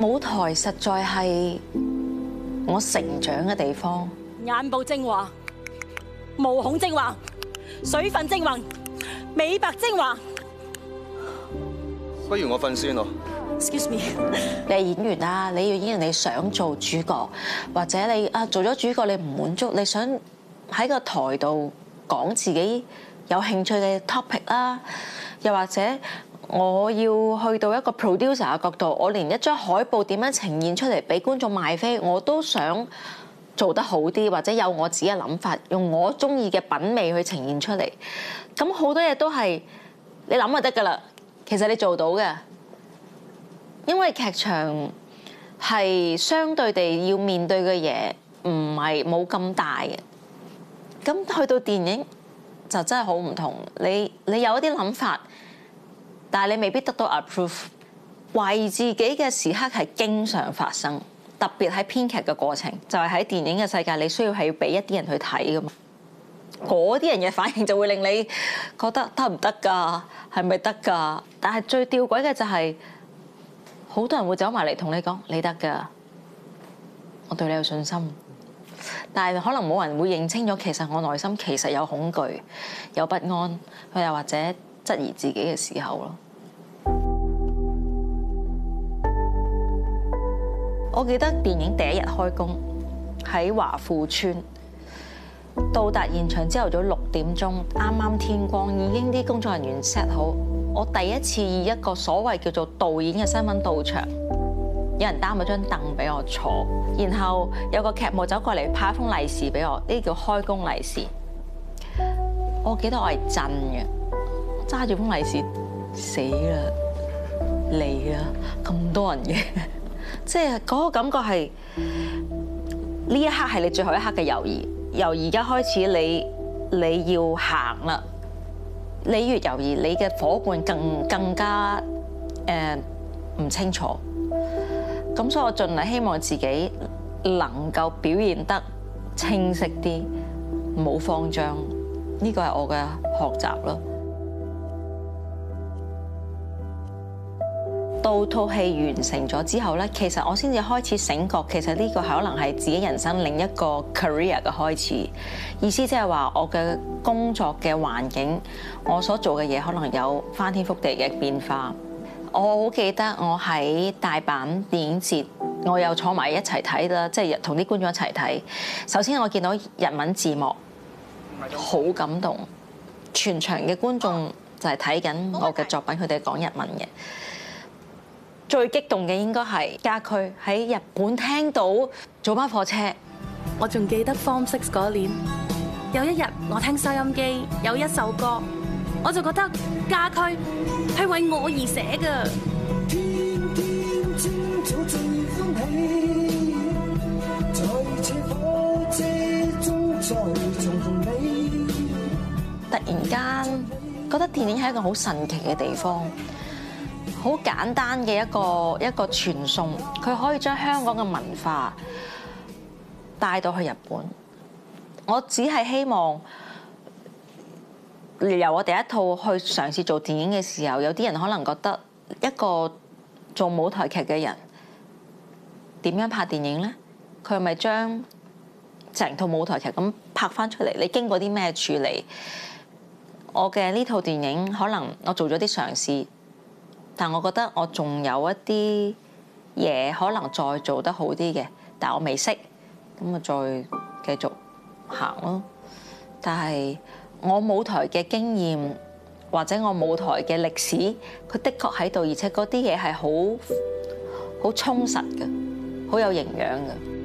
舞台實在係我成長嘅地方。眼部精華、毛孔精華、水分精華、美白精華。不如我瞓先咯。Excuse me，你係演員啊，你要演員，你想做主角，或者你啊做咗主角你唔滿足，你想喺個台度。講自己有興趣嘅 topic 啦，又或者我要去到一個 producer 嘅角度，我連一張海報點樣呈現出嚟俾觀眾賣飛，我都想做得好啲，或者有我自己嘅諗法，用我中意嘅品味去呈現出嚟。咁好多嘢都係你諗就得㗎啦，其實你做到嘅，因為劇場係相對地要面對嘅嘢唔係冇咁大嘅。咁去到電影就真係好唔同你，你你有一啲諗法，但你未必得到 approve。懷疑自己嘅時刻係經常發生，特別喺編劇嘅過程，就係、是、喺電影嘅世界，你需要係要俾一啲人去睇噶嘛。嗰啲人嘅反應就會令你覺得得唔得㗎？係咪得㗎？但係最吊詭嘅就係、是、好多人會走埋嚟同你講：你得㗎，我對你有信心。但係可能冇人會認清楚，其實我內心其實有恐懼、有不安，又或者質疑自己嘅時候咯。我記得電影第一日開工喺華富邨，到達現場朝頭早六點鐘，啱啱天光，已經啲工作人員 set 好。我第一次以一個所謂叫做導演嘅身份到場。有人擔咗張凳俾我坐，然後有個劇務走過嚟，派一封利是俾我。呢叫開工利是。我記得我係震嘅，揸住封利是，死啦嚟啦，咁多人嘅，即係嗰個感覺係呢一刻係你最後一刻嘅猶豫，由而家開始，你你要行啦。你越猶豫，你嘅伙伴更更加誒唔清楚。咁所以我盡量希望自己能夠表現得清晰啲，冇慌張。呢個係我嘅學習咯。到套戲完成咗之後呢，其實我先至開始醒覺，其實呢個可能係自己人生另一個 career 嘅開始。意思即係話，我嘅工作嘅環境，我所做嘅嘢，可能有翻天覆地嘅變化。我好記得我喺大阪電影節，我又坐埋一齊睇啦，即係同啲觀眾一齊睇。首先我見到日文字幕，好感動。全場嘅觀眾就係睇緊我嘅作品，佢哋講日文嘅。最激動嘅應該係家駒喺日本聽到早班火車。我仲記得 Form Six 嗰年，有一日我聽收音機有一首歌。我就覺得家駒係為我而寫嘅。突然間覺得電影係一個好神奇嘅地方，好簡單嘅一個一個傳送，佢可以將香港嘅文化帶到去日本。我只係希望。由我第一套去嘗試做電影嘅時候，有啲人可能覺得一個做舞台劇嘅人點樣拍電影呢？佢係咪將成套舞台劇咁拍翻出嚟？你經過啲咩處理？我嘅呢套電影可能我做咗啲嘗試，但我覺得我仲有一啲嘢可能再做得好啲嘅，但我未識，咁啊再繼續行咯。但係。我舞台嘅經驗，或者我舞台嘅歷史，佢的確喺度，而且嗰啲嘢係好好充實嘅，好有營養嘅。